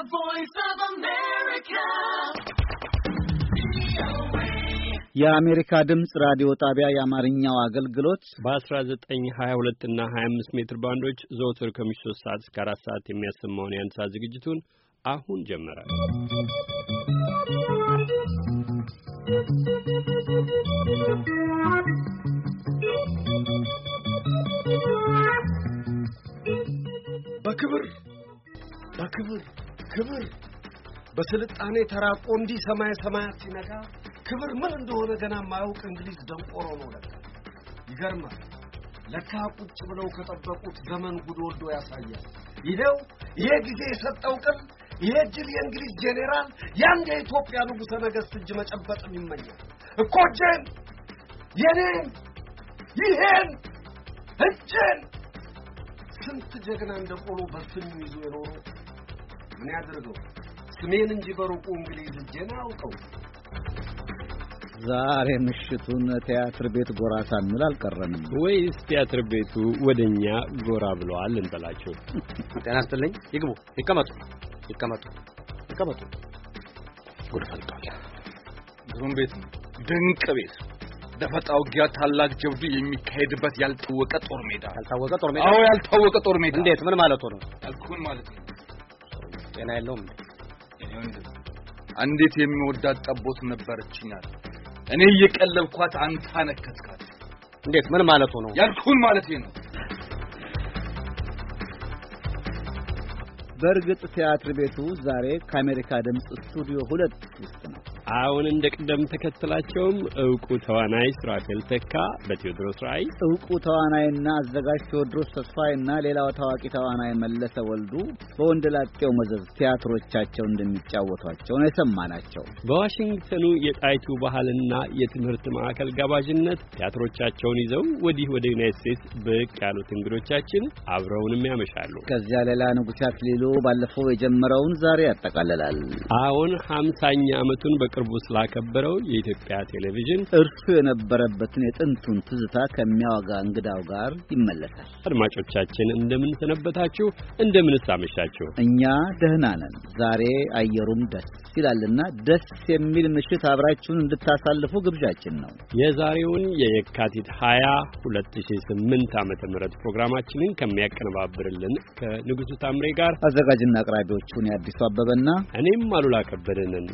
The voice of America. የአሜሪካ ድምፅ ራዲዮ ጣቢያ የአማርኛው አገልግሎት በ1922 እና 25 ሜትር ባንዶች ዘወትር ከምሽቱ 3 ሰዓት እስከ 4 ሰዓት የሚያሰማውን የአንሳ ዝግጅቱን አሁን ጀመረ። በክብር በክብር ክብር በስልጣኔ ተራቆ እንዲህ ሰማይ ሰማያት ሲነጋ ክብር ምን እንደሆነ ገና ማያውቅ እንግሊዝ ደንቆሮ ነው። ለካ ይገርማል። ለካ ቁጭ ብለው ከጠበቁት ዘመን ጉድ ወልዶ ያሳያል። ይሄው ይሄ ጊዜ የሰጠው ቅል ይሄ እጅል የእንግሊዝ ጄኔራል ያንድ የኢትዮጵያ ንጉሠ ነገሥት እጅ መጨበጥም ይመኛል እኮ እጄን፣ የኔን፣ ይሄን እጄን ስንት ጀግና እንደ ቆሎ በስኙ ይዞ የኖሩ ምን ያድርገው ስሜን እንጂ በሩቁ እንግሊዝ እጄን አያውቀው። ዛሬ ምሽቱን ቲያትር ቤት ጎራ ሳንል አልቀረንም። ወይስ ቲያትር ቤቱ ወደኛ ጎራ ብለዋል እንበላቸው። ጤና ይስጥልኝ። ይግቡ፣ ይቀመጡ፣ ይቀመጡ፣ ይቀመጡ። ጉድ ፈልቷል። ግሩም ቤት ነው። ድንቅ ቤት። ደፈጣ ውጊያ፣ ታላቅ ጀብዱ የሚካሄድበት ያልታወቀ ጦር ሜዳ። ያልታወቀ ጦር ሜዳ? አዎ፣ ያልታወቀ ጦር ሜዳ። እንዴት? ምን ማለት ነው? ያልኩህን ማለት ነው። ጤና የለውም። እንዴት የሚወዳት ጠቦት ነበረችኛል። እኔ እየቀለብኳት አንተ አነከትካት። እንዴት? ምን ማለቱ ነው? ያልኩን ማለት ነው። በእርግጥ ቲያትር ቤቱ ዛሬ ከአሜሪካ ድምፅ ስቱዲዮ ሁለት ውስጥ ነው። አሁን እንደ ቅደም ተከተላቸውም እውቁ ተዋናይ ስራፌል ተካ በቴዎድሮስ ራይ እውቁ ተዋናይና አዘጋጅ ቴዎድሮስ ተስፋዬና ሌላው ታዋቂ ተዋናይ መለሰ ወልዱ በወንደላጤው መዘዝ ቲያትሮቻቸው እንደሚጫወቷቸው ነው የሰማናቸው። በዋሽንግተኑ የጣይቱ ባህልና የትምህርት ማዕከል ጋባዥነት ቲያትሮቻቸውን ይዘው ወዲህ ወደ ዩናይት ስቴትስ ብቅ ያሉት እንግዶቻችን አብረውንም ያመሻሉ። ከዚያ ሌላ ንጉሥ አክሊሉ ባለፈው የጀመረውን ዛሬ ያጠቃልላል። አሁን ሀምሳኛ ዓመቱን በቀ በቅርቡ ስላከበረው የኢትዮጵያ ቴሌቪዥን እርሱ የነበረበትን የጥንቱን ትዝታ ከሚያወጋ እንግዳው ጋር ይመለሳል። አድማጮቻችን እንደምን ሰነበታችሁ? እንደምንስ እኛ ደህና ነን። ዛሬ አየሩም ደስ ይላልና ደስ የሚል ምሽት አብራችሁን እንድታሳልፉ ግብዣችን ነው። የዛሬውን የየካቲት 20 2008 ዓ ም ፕሮግራማችንን ከሚያቀነባብርልን ከንጉሱ ታምሬ ጋር አዘጋጅና አቅራቢዎቹን የአዲሱ አበበና እኔም አሉላ ከበደንን